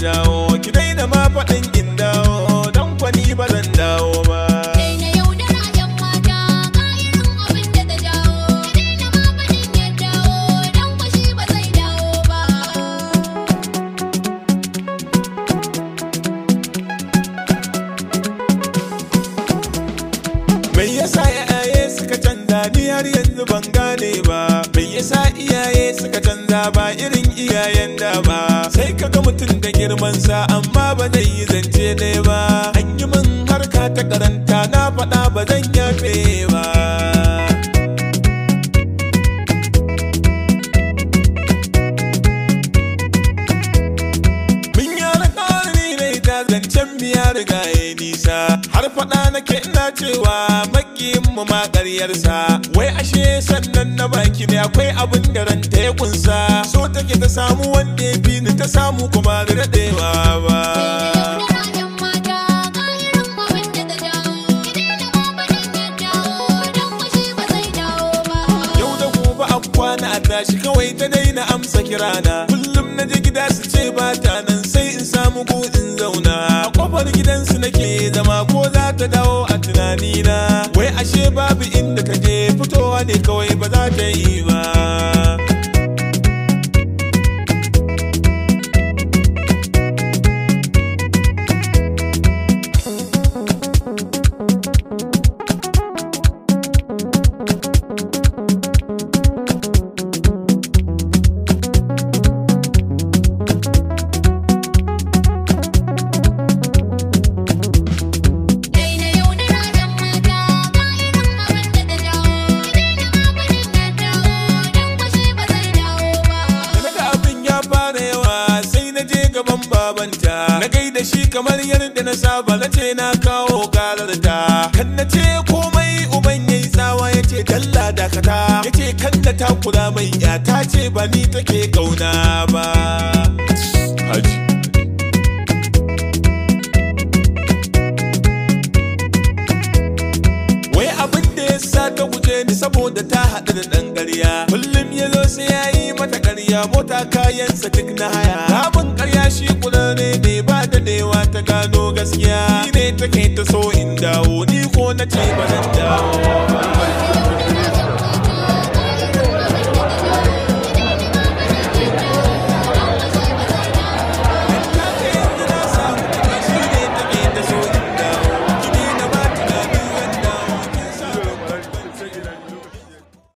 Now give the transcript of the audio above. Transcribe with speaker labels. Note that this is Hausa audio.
Speaker 1: na dawo ki daina ma faɗin in dawo don kwani ba zan dawo ba Me yasa yaye suka canza ni har yanzu ban gane ba Me yasa iyaye suka canza ba irin iyayen da ba Sai kaga mutum sa amma ba zai yi zance ne ba ya riga ya nisa har faɗa nake ina cewa makiyin mu ma ƙaryarsa wai ashe sannan na baki ne akwai abin da ranta ya kunsa so take ta samu wanda ya ni ta samu kuma da daɗewa ba. kwana a tashi kawai ta daina amsa kirana kullum na je gida su ce ba ta nan sai in samu kudin zauna kofar su nake zama ko za ta dawo a tunanina wai ashe babu inda ka je fitowa ne kawai ba za ta yi ba gaban babanta na gaida shi kamar yadda na saba na ce na kawo galarta kan na ce komai uban yayi tsawa ya ce dalla dakata ya ce kan ta kula mai ya ta ce ba ni take kauna ba Wai abin ya sa ta guje ni saboda ta haɗu da ɗan ƙarya. Kullum ya zo sai ya yi mata ƙarya mota kayansa duk na haya.